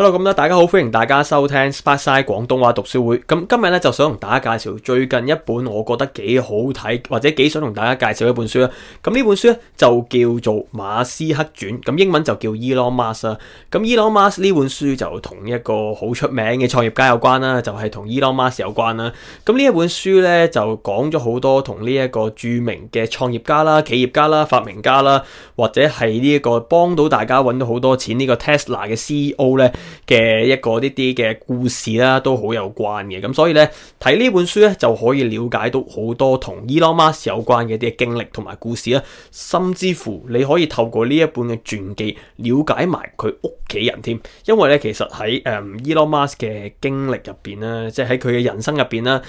hello，咁咧，大家好，歡迎大家收聽 Sparksine 廣東話讀書會。咁今日咧就想同大家介紹最近一本我覺得幾好睇，或者幾想同大家介紹一本書啦。咁呢本書咧就叫做《馬斯克傳》，咁英文就叫 Elon Musk 啦。咁 Elon Musk 呢本書就同一個好出名嘅創業家有關啦，就係、是、同 Elon Musk 有關啦。咁呢一本書咧就講咗好多同呢一個著名嘅創業家啦、企業家啦、發明家啦，或者係呢一個幫到大家揾到好多錢、這個、呢個 Tesla 嘅 CEO 咧。嘅一個啲啲嘅故事啦、啊，都好有關嘅。咁所以咧，睇呢本書咧就可以了解到好多同 Elon Musk 有關嘅一啲經歷同埋故事啦、啊。甚至乎你可以透過呢一本嘅傳記了解埋佢屋企人添、啊。因為咧，其實喺誒、嗯、Elon Musk 嘅經歷入邊啦，即係喺佢嘅人生入邊啦，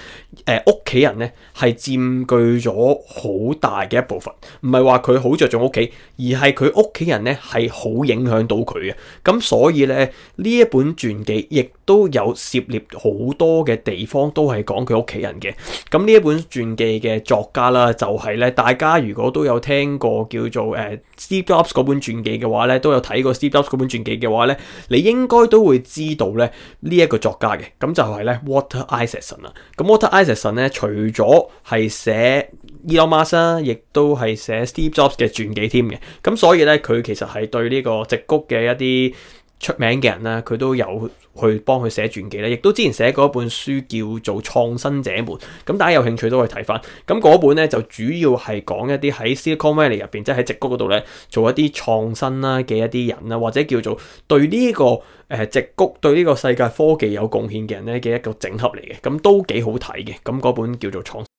誒屋企人咧係佔據咗好大嘅一部分。唔係話佢好着重屋企，而係佢屋企人咧係好影響到佢嘅。咁所以咧。呢一本傳記亦都有涉獵好多嘅地方都，都係講佢屋企人嘅。咁呢一本傳記嘅作家啦，就係咧，大家如果都有聽過叫做誒、呃、Steve Jobs 嗰本傳記嘅話咧，都有睇過 Steve Jobs 嗰本傳記嘅話咧，你應該都會知道咧呢一、這個作家嘅。咁就係咧 Walter Isaacson 啊。咁 Walter Isaacson 咧，除咗係寫 Elon Musk 啊，亦都係寫 Steve Jobs 嘅傳記添嘅。咁所以咧，佢其實係對呢個矽谷嘅一啲。出名嘅人啦，佢都有去幫佢寫傳記啦，亦都之前寫過一本書叫做《創新者們》，咁大家有興趣都可以睇翻。咁嗰本咧就主要係講一啲喺 Silicon Valley 入邊，即係喺矽谷嗰度咧做一啲創新啦嘅一啲人啦，或者叫做對呢個誒矽谷對呢個世界科技有貢獻嘅人咧嘅一個整合嚟嘅，咁都幾好睇嘅。咁嗰本叫做創新。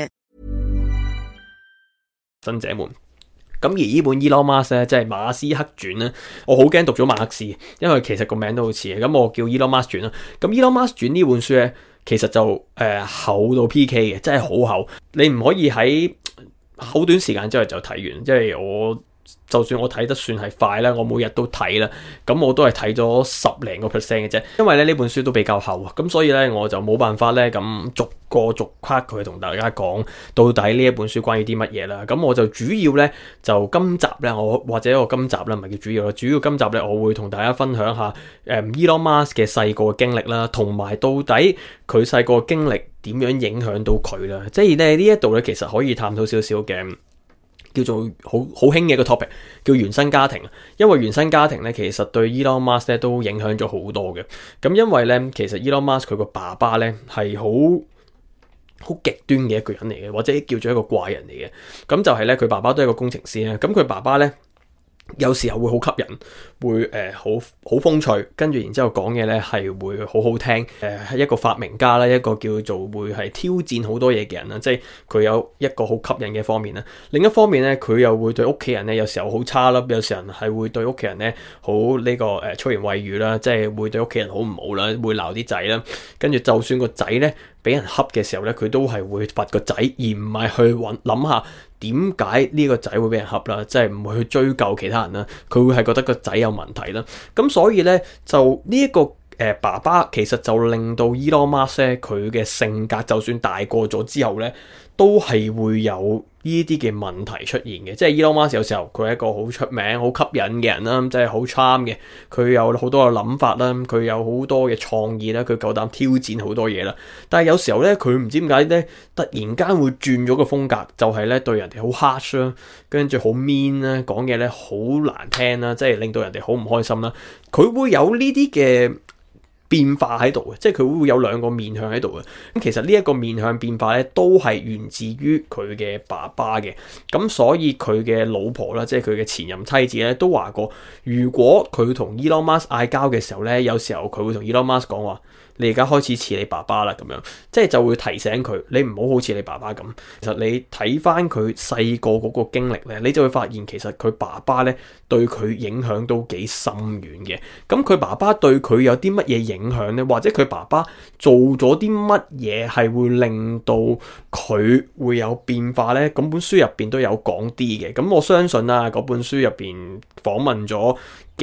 新者們，咁而呢本、e《Elon Musk》咧，即係《馬斯克傳》咧，我好驚讀咗馬克思，因為其實個名都好似嘅。咁我叫、e 傳《Elon Musk 傳》啦。咁《Elon Musk 傳》呢本書咧，其實就誒、呃、厚到 PK 嘅，真係好厚，你唔可以喺好短時間之後就睇完，即係我。就算我睇得算係快咧，我每日都睇啦，咁我都係睇咗十零個 percent 嘅啫。因為咧呢本書都比較厚啊，咁所以咧我就冇辦法咧咁逐個逐夸佢同大家講到底呢一本書關於啲乜嘢啦。咁我就主要咧就今集咧我或者我今集咧唔係叫主要啦，主要今集咧我會同大家分享下誒 Elon Musk 嘅細個經歷啦，同埋到底佢細個經歷點樣影響到佢啦。即係咧呢一度咧其實可以探討少少嘅。叫做好好興嘅一個 topic，叫原生家庭。因為原生家庭咧，其實對 Elon Musk 咧都影響咗好多嘅。咁因為咧，其實 Elon Musk 佢個爸爸咧係好好極端嘅一個人嚟嘅，或者叫做一個怪人嚟嘅。咁就係咧，佢爸爸都係一個工程師咧。咁佢爸爸咧有時候會好吸引。會誒、呃、好好風趣，跟住然之後講嘢咧係會好好聽，誒、呃、一個發明家啦，一個叫做會係挑戰好多嘢嘅人啦，即係佢有一個好吸引嘅方面啦。另一方面咧，佢又會對屋企人咧有時候好差啦，有時候係會對屋企人咧好呢個誒粗、呃、言穢語啦，即係會對屋企人好唔好啦，會鬧啲仔啦。跟住就算個仔咧俾人恰嘅時候咧，佢都係會罰個仔，而唔係去搵諗下點解呢個仔會俾人恰啦，即係唔會去追究其他人啦。佢會係覺得個仔有。問題啦，咁所以咧就呢一個。誒爸爸其實就令到 Elon Musk 咧，佢嘅性格就算大個咗之後咧，都係會有呢啲嘅問題出現嘅。即係 Elon Musk 有時候佢係一個好出名、好吸引嘅人啦，即係好 charm 嘅。佢有好多嘅諗法啦，佢有好多嘅創意啦，佢夠膽挑戰好多嘢啦。但係有時候咧，佢唔知點解咧，突然間會轉咗個風格，就係、是、咧對人哋好 hush 啦，跟住好 mean 啦，講嘢咧好難聽啦，即係令到人哋好唔開心啦。佢會有呢啲嘅。變化喺度嘅，即係佢會會有兩個面向喺度嘅。咁其實呢一個面向變化咧，都係源自於佢嘅爸爸嘅。咁所以佢嘅老婆啦，即係佢嘅前任妻子咧，都話過，如果佢同 Elon Musk 嗌交嘅時候咧，有時候佢會同 Elon Musk 講話。你而家開始似你爸爸啦，咁樣即係就會提醒佢，你唔好好似你爸爸咁。其實你睇翻佢細個嗰個經歷咧，你就會發現其實佢爸爸咧對佢影響都幾深遠嘅。咁佢爸爸對佢有啲乜嘢影響咧，或者佢爸爸做咗啲乜嘢係會令到佢會有變化咧？咁本書入邊都有講啲嘅。咁我相信啊，嗰本書入邊訪問咗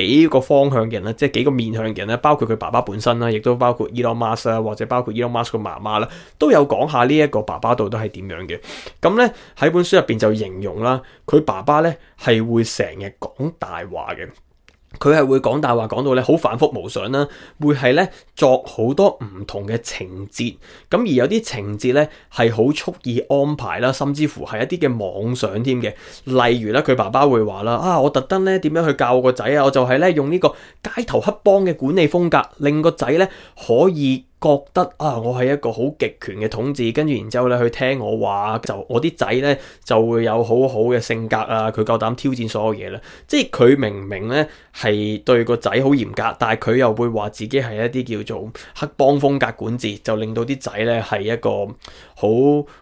幾個方向嘅人啦，即係幾個面向嘅人咧，包括佢爸爸本身啦，亦都包括 Elon Musk 啊，或者包括 Elon Musk 嘅媽媽啦，都有講下呢一個爸爸到底係點樣嘅。咁咧喺本書入邊就形容啦，佢爸爸咧係會成日講大話嘅。佢係會講大話，講到咧好反覆無常啦，會係咧作好多唔同嘅情節，咁而有啲情節咧係好蓄意安排啦，甚至乎係一啲嘅妄想添嘅。例如咧，佢爸爸會話啦啊，我特登咧點樣去教我個仔啊，我就係咧用呢個街頭黑幫嘅管理風格，令個仔咧可以。覺得啊，我係一個好極權嘅統治，跟住然之後咧，佢聽我話，就我啲仔咧就會有好好嘅性格啊，佢夠膽挑戰所有嘢啦。即係佢明明咧係對個仔好嚴格，但係佢又會話自己係一啲叫做黑幫風格管治，就令到啲仔咧係一個好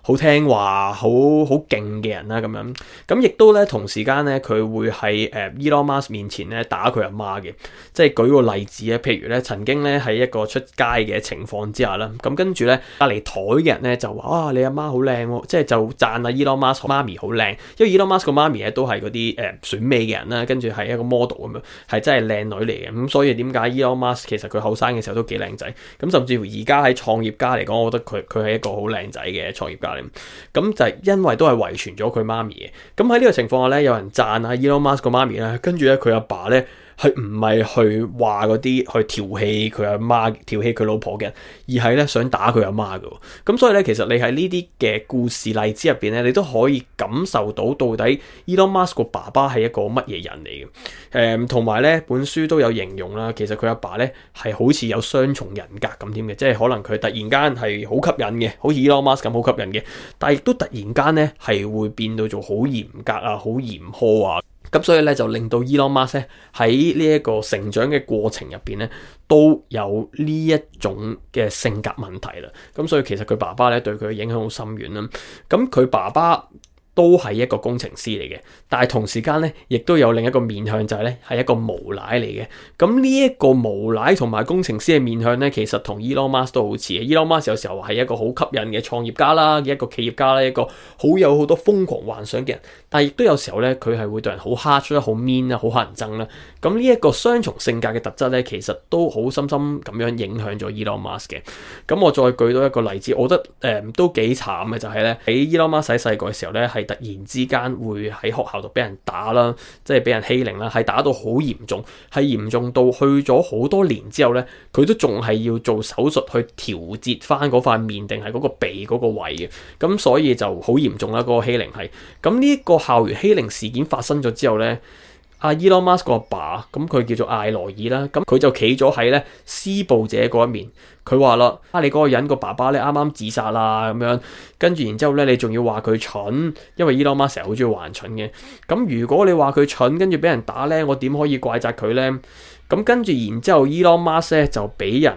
好聽話、好好勁嘅人啦。咁樣咁亦都咧同時間咧，佢會喺誒 Elon Musk 面前咧打佢阿媽嘅。即係舉個例子啊，譬如咧曾經咧喺一個出街嘅情。放之下啦，咁跟住咧隔籬枱嘅人咧就話啊，你阿媽好靚，即係就讚啊 Elon Musk 媽咪好靚，因為 Elon Musk 個媽咪咧都係嗰啲誒選美嘅人啦，跟住係一個 model 咁樣，係真係靚女嚟嘅。咁所以點解 Elon Musk 其實佢後生嘅時候都幾靚仔，咁、嗯、甚至乎而家喺創業家嚟講，我覺得佢佢係一個好靚仔嘅創業家嚟。咁、嗯、就係、是、因為都係遺傳咗佢媽咪嘅。咁喺呢個情況下咧，有人讚啊 Elon Musk 個媽咪啦，跟住咧佢阿爸咧。佢唔係去話嗰啲去調戲佢阿媽、調戲佢老婆嘅，而係咧想打佢阿媽嘅。咁所以咧，其實你喺呢啲嘅故事例子入邊咧，你都可以感受到到底 Elon Musk 個爸爸係一個乜嘢人嚟嘅。誒、嗯，同埋咧，本書都有形容啦。其實佢阿爸咧係好似有雙重人格咁添嘅，即係可能佢突然間係好吸引嘅，好似 Elon Musk 咁好吸引嘅，但係亦都突然間咧係會變到做好嚴格啊、好嚴苛啊。咁所以咧，就令到 Elon Musk 咧喺呢一個成長嘅過程入邊咧都有呢一種嘅性格問題啦。咁所以其實佢爸爸咧對佢嘅影響好深遠啦。咁佢爸爸，都係一個工程師嚟嘅，但係同時間咧，亦都有另一個面向就係咧係一個無賴嚟嘅。咁呢一個無賴同埋工程師嘅面向咧，其實同 Elon Musk 都好似。Elon Musk 有時候係一個好吸引嘅創業家啦，一個企業家啦，一個好有好多瘋狂幻想嘅人。但係亦都有時候咧，佢係會對人好 h a 蝦出啦、好 mean 啦、好乞人憎啦。咁呢一個雙重性格嘅特質咧，其實都好深深咁樣影響咗 Elon Musk 嘅。咁我再舉到一個例子，我覺得誒、呃、都幾慘嘅就係、是、咧，喺 Elon Musk 細個嘅時候咧係。突然之間會喺學校度俾人打啦，即係俾人欺凌啦，係打到好嚴重，係嚴重到去咗好多年之後呢，佢都仲係要做手術去調節翻嗰塊面定係嗰個鼻嗰個位嘅，咁所以就好嚴重啦，嗰個欺凌係。咁呢個校園欺凌事件發生咗之後呢。阿 Elon Musk 個爸，咁佢叫做艾羅爾啦，咁佢就企咗喺咧施暴者嗰一面，佢話啦，啊你嗰個人個爸爸咧啱啱自殺啦咁樣，跟住然之後咧你仲要話佢蠢，因為 Elon Musk 成日好中意話蠢嘅，咁如果你話佢蠢，跟住俾人打咧，我點可以怪責佢咧？咁跟住然之後 Elon Musk 咧就俾人。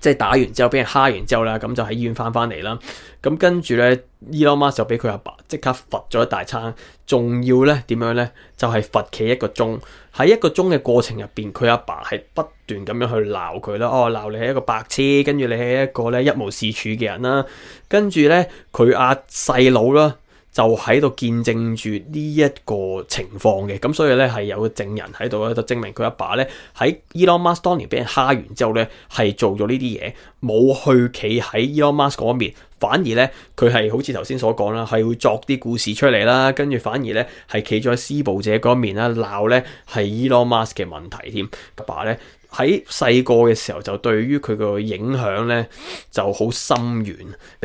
即係打完之後，俾人蝦完之後啦，咁就喺醫院翻翻嚟啦。咁跟住咧，Elon Musk 就俾佢阿爸即刻罰咗一大餐，仲要咧點樣咧，就係罰企一個鐘。喺一個鐘嘅過程入邊，佢阿爸係不斷咁樣去鬧佢啦。哦，鬧你係一個白痴，跟住你係一個咧一無是處嘅人啦。跟住咧，佢阿細佬啦。就喺度見證住呢一個情況嘅，咁所以咧係有個證人喺度咧，就證明佢阿爸咧喺 Elon Musk 當年俾人蝦完之後咧，係做咗呢啲嘢，冇去企喺 Elon Musk 嗰面，反而咧佢係好似頭先所講啦，係會作啲故事出嚟啦，跟住反而咧係企咗喺施暴者嗰一面啦，鬧咧係 Elon Musk 嘅問題添，阿爸咧。喺細個嘅時候就對於佢個影響咧就好深遠，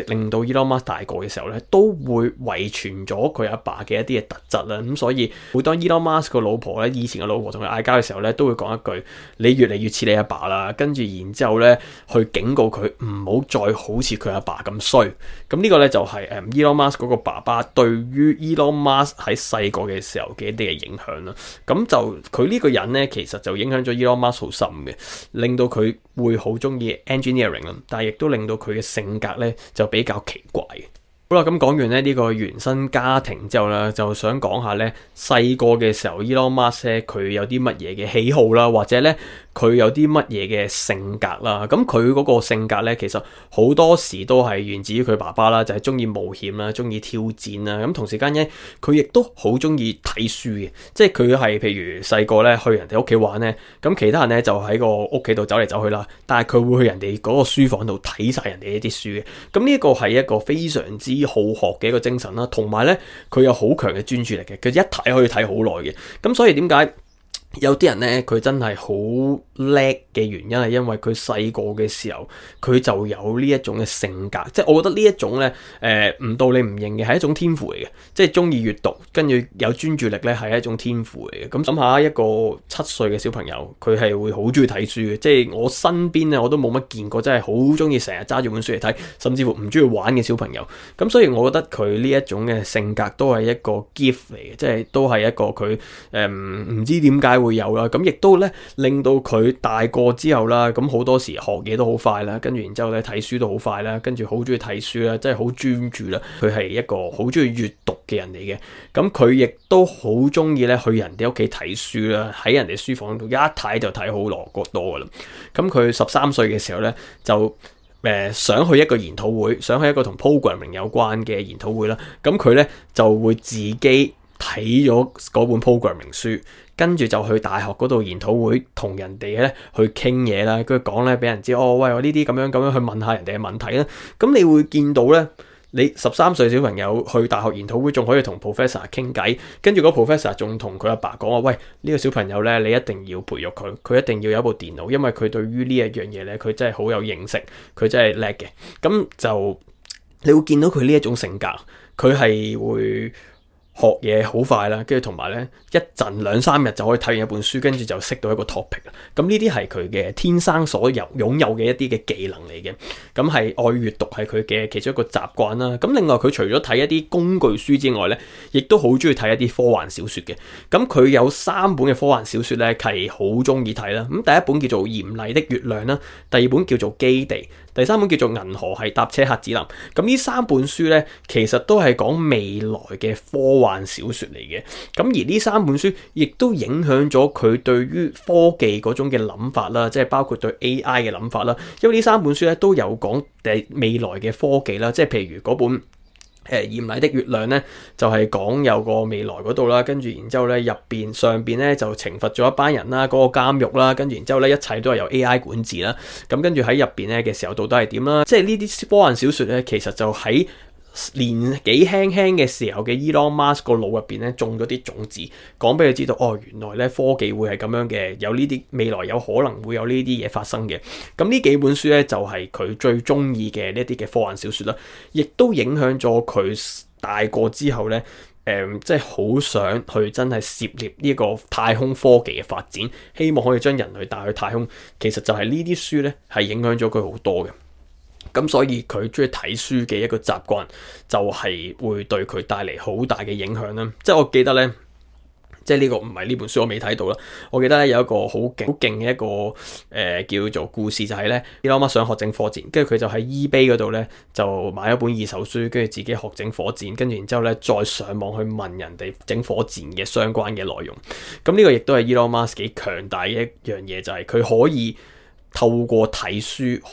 令到 Elon Musk 大個嘅時候咧都會遺傳咗佢阿爸嘅一啲嘅特質啦。咁所以每當 Elon Musk 個老婆咧以前個老婆同佢嗌交嘅時候咧，都會講一句：你越嚟越似你阿爸啦。跟住然之後咧，去警告佢唔好再好似佢阿爸咁衰。咁呢個咧就係誒 Elon Musk 嗰個爸爸對於 Elon Musk 喺細個嘅時候嘅一啲嘅影響啦。咁就佢呢個人咧，其實就影響咗 Elon Musk 好深嘅，令到佢會好鍾意 engineering 啊，但係亦都令到佢嘅性格咧就比較奇怪。好啦，咁講完咧呢個原生家庭之後咧，就想講下咧細個嘅時候，Elon Musk 佢有啲乜嘢嘅喜好啦，或者咧佢有啲乜嘢嘅性格啦。咁佢嗰個性格咧，其實好多時都係源自於佢爸爸啦，就係中意冒險啦，中意挑戰啦。咁同時間咧，佢亦都好中意睇書嘅，即係佢係譬如細個咧去人哋屋企玩咧，咁其他人咧就喺個屋企度走嚟走去啦，但係佢會去人哋嗰個書房度睇晒人哋一啲書嘅。咁呢個係一個非常之。好學嘅一個精神啦，同埋咧佢有好強嘅專注力嘅，佢一睇可以睇好耐嘅，咁所以點解？有啲人咧，佢真係好叻嘅原因係因為佢細個嘅時候，佢就有呢一種嘅性格，即係我覺得呢一種咧，誒唔到你唔認嘅係一種天賦嚟嘅，即係中意閱讀跟住有專注力咧係一種天賦嚟嘅。咁諗下一個七歲嘅小朋友，佢係會好中意睇書嘅，即係我身邊咧我都冇乜見過真係好中意成日揸住本書嚟睇，甚至乎唔中意玩嘅小朋友。咁所以我覺得佢呢一種嘅性格都係一個 gift 嚟嘅，即係都係一個佢誒唔唔知點解。會有啦，咁亦都咧令到佢大個之後啦，咁好多時學嘢都好快啦，跟住然之後咧睇書都好快啦，跟住好中意睇書啦，真係好專注啦。佢係一個好中意閱讀嘅人嚟嘅，咁佢亦都好中意咧去人哋屋企睇書啦，喺人哋書房度一睇就睇好羅過多噶啦。咁佢十三歲嘅時候咧就誒想去一個研討會，想去一個同 programming 有關嘅研討會啦。咁佢咧就會自己睇咗嗰本 programming 書。跟住就去大學嗰度研討會，同人哋咧去傾嘢啦，跟住講咧俾人知，哦喂，我呢啲咁樣咁樣去問下人哋嘅問題啦。咁你會見到咧，你十三歲小朋友去大學研討會，仲可以同 professor 傾偈，跟住個 professor 仲同佢阿爸講話，喂，呢個小朋友咧，你一定要培育佢，佢一定要有部電腦，因為佢對於呢一樣嘢咧，佢真係好有認識，佢真係叻嘅。咁就你會見到佢呢一種性格，佢係會。學嘢好快啦，跟住同埋咧，一陣兩三日就可以睇完一本書，跟住就識到一個 topic 啦。咁呢啲係佢嘅天生所有擁有嘅一啲嘅技能嚟嘅。咁係愛閱讀係佢嘅其中一個習慣啦。咁另外佢除咗睇一啲工具書之外咧，亦都好中意睇一啲科幻小說嘅。咁佢有三本嘅科幻小說咧，係好中意睇啦。咁第一本叫做《嚴厲的月亮》啦，第二本叫做《基地》。第三本叫做《銀河系搭車客指南》，咁呢三本書咧，其實都係講未來嘅科幻小說嚟嘅。咁而呢三本書亦都影響咗佢對於科技嗰種嘅諗法啦，即係包括對 AI 嘅諗法啦。因為呢三本書咧都有講誒未來嘅科技啦，即係譬如嗰本。誒，《嚴厲的月亮》咧就係、是、講有個未來嗰度啦，跟住然之後咧入邊上邊咧就懲罰咗一班人啦，嗰、那個監獄啦，跟住然之後咧一切都係由 AI 管治啦，咁跟住喺入邊咧嘅時候到底係點啦？即係呢啲科幻小説咧，其實就喺。年紀輕輕嘅時候嘅 Elon Musk 個腦入邊咧種咗啲種子，講俾佢知道哦，原來咧科技會係咁樣嘅，有呢啲未來有可能會有呢啲嘢發生嘅。咁呢幾本書咧就係、是、佢最中意嘅呢啲嘅科幻小說啦，亦都影響咗佢大個之後咧，誒、嗯，即係好想去真係涉獵呢個太空科技嘅發展，希望可以將人類帶去太空。其實就係呢啲書咧係影響咗佢好多嘅。咁所以佢中意睇書嘅一個習慣，就係會對佢帶嚟好大嘅影響啦。即係我記得咧，即係呢個唔係呢本書我未睇到啦。我記得咧有一個好勁好勁嘅一個誒、呃、叫做故事，就呢，就係咧伊羅馬想學整火箭，跟住佢就喺 eBay 嗰度咧就買一本二手書，跟住自己學整火箭，跟住然之後咧再上網去問人哋整火箭嘅相關嘅內容。咁呢個亦都係伊羅馬幾強大一樣嘢，就係、是、佢可以透過睇書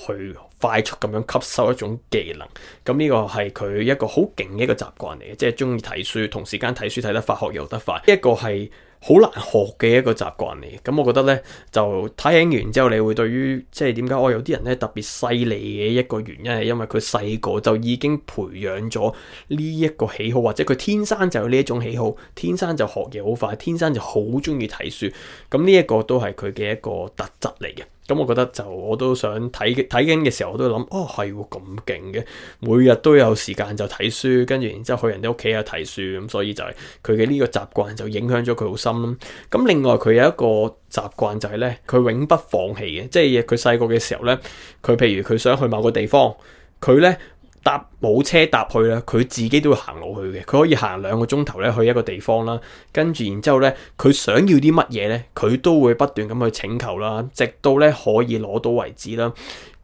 去。快速咁樣吸收一種技能，咁呢個係佢一個好勁嘅一個習慣嚟嘅，即係中意睇書，同時間睇書睇得快學又得快。呢一個係好難學嘅一個習慣嚟，咁我覺得咧就睇影完之後，你會對於即係點解，我、哦、有啲人咧特別犀利嘅一個原因係因為佢細個就已經培養咗呢一個喜好，或者佢天生就有呢一種喜好，天生就學嘢好快，天生就好中意睇書。咁呢一個都係佢嘅一個特質嚟嘅。咁、嗯、我覺得就我都想睇，睇緊嘅時候，我都諗，哦，係喎咁勁嘅，每日都有時間就睇書，跟住然之後去人哋屋企啊睇書，咁所以就係佢嘅呢個習慣就影響咗佢好深咯。咁、嗯、另外佢有一個習慣就係咧，佢永不放棄嘅，即係佢細個嘅時候咧，佢譬如佢想去某個地方，佢咧。搭冇車搭去咧，佢自己都會行路去嘅。佢可以行兩個鐘頭咧去一個地方啦，跟住然之後咧，佢想要啲乜嘢咧，佢都會不斷咁去請求啦，直到咧可以攞到為止啦。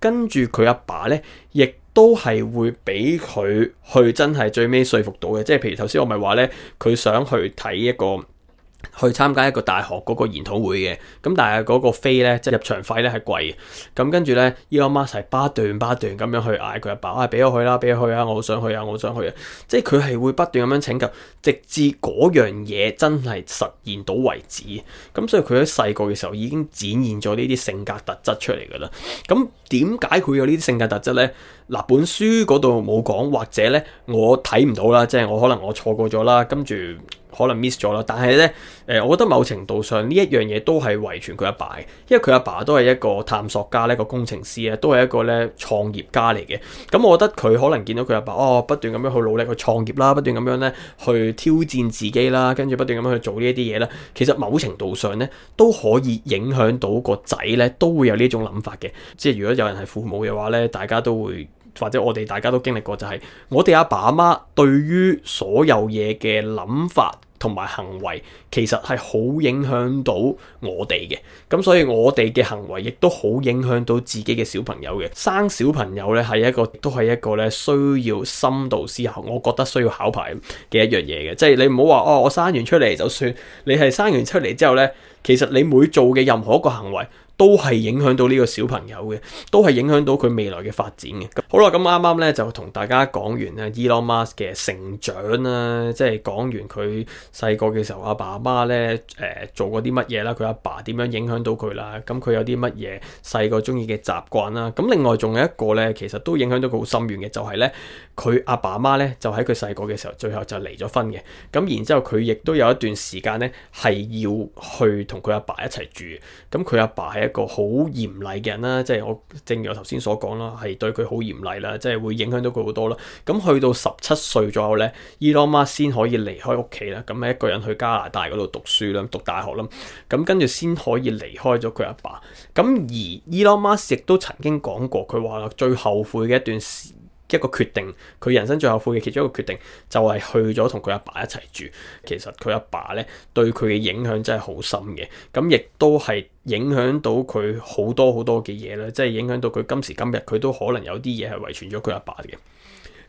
跟住佢阿爸咧，亦都係會俾佢去真係最尾說服到嘅。即係譬如頭先我咪話咧，佢想去睇一個。去參加一個大學嗰個研討會嘅，咁但係嗰個飛咧，即係入場費咧係貴嘅。咁跟住咧，依個阿媽係巴斷巴斷咁樣去嗌佢阿爸，啊俾我去啦，俾我去啊，我好想去啊，我好想去啊。即係佢係會不斷咁樣請求，直至嗰樣嘢真係實現到為止。咁所以佢喺細個嘅時候已經展現咗呢啲性格特質出嚟㗎啦。咁點解佢有呢啲性格特質咧？嗱、啊，本書嗰度冇講，或者咧我睇唔到啦，即係我可能我錯過咗啦。跟住。可能 miss 咗啦，但係咧，誒、呃，我覺得某程度上呢一樣嘢都係遺傳佢阿爸嘅，因為佢阿爸都係一個探索家咧，一個工程師咧，都係一個咧創業家嚟嘅。咁我覺得佢可能見到佢阿爸哦，不斷咁樣去努力去創業啦，不斷咁樣咧去挑戰自己啦，跟住不斷咁樣去做呢一啲嘢啦。其實某程度上咧都可以影響到個仔咧，都會有呢種諗法嘅。即係如果有人係父母嘅話咧，大家都會。或者我哋大家都經歷過，就係我哋阿爸阿媽對於所有嘢嘅諗法同埋行為，其實係好影響到我哋嘅。咁所以我哋嘅行為亦都好影響到自己嘅小朋友嘅。生小朋友咧係一個，亦都係一個咧需要深度思考，我覺得需要考牌嘅一樣嘢嘅。即係你唔好話哦，我生完出嚟就算。你係生完出嚟之後咧，其實你每做嘅任何一個行為。都係影響到呢個小朋友嘅，都係影響到佢未來嘅發展嘅。咁好啦，咁啱啱咧就同大家講完咧，Elon Musk 嘅成長啦，即係講完佢細個嘅時候，阿爸媽咧誒做過啲乜嘢啦，佢阿爸點樣影響到佢啦，咁佢有啲乜嘢細個鍾意嘅習慣啦。咁另外仲有一個咧，其實都影響到佢好深遠嘅，就係咧佢阿爸媽咧就喺佢細個嘅時候，最後就離咗婚嘅。咁然之後佢亦都有一段時間咧係要去同佢阿爸一齊住，咁佢阿爸喺一個好嚴厲嘅人啦，即係我正如我頭先所講啦，係對佢好嚴厲啦，即係會影響到佢好多啦。咁去到十七歲左右咧，Elon Musk 先可以離開屋企啦，咁喺一個人去加拿大嗰度讀書啦，讀大學啦，咁跟住先可以離開咗佢阿爸。咁而 Elon Musk 亦都曾經講過，佢話最後悔嘅一段時間。一個決定，佢人生最後悔嘅其中一個決定，就係、是、去咗同佢阿爸一齊住。其實佢阿爸咧對佢嘅影響真係好深嘅，咁亦都係影響到佢好多好多嘅嘢啦，即係影響到佢今時今日，佢都可能有啲嘢係遺傳咗佢阿爸嘅。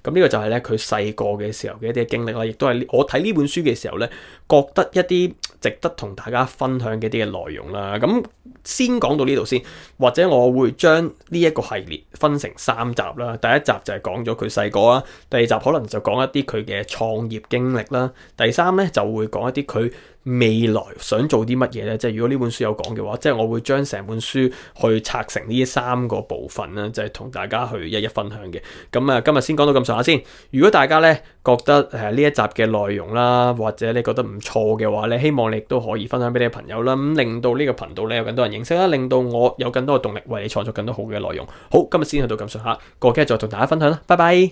咁、這、呢個就係咧佢細個嘅時候嘅一啲經歷啦，亦都係我睇呢本書嘅時候咧，覺得一啲。值得同大家分享嘅啲嘅內容啦，咁先講到呢度先，或者我會將呢一個系列分成三集啦。第一集就係講咗佢細個啦，第二集可能就講一啲佢嘅創業經歷啦，第三呢就會講一啲佢未來想做啲乜嘢呢？即係如果呢本書有講嘅話，即係我會將成本書去拆成呢三個部分啦，就係同大家去一一分享嘅。咁啊，今日先講到咁上下先。如果大家呢覺得誒呢、呃、一集嘅內容啦，或者你覺得唔錯嘅話咧，希望你都可以分享俾你嘅朋友啦，咁令到呢個頻道呢有更多人認識啦，令到我有更多嘅動力為你創作更多好嘅內容。好，今日先去到咁上下，過幾日再同大家分享啦。拜拜。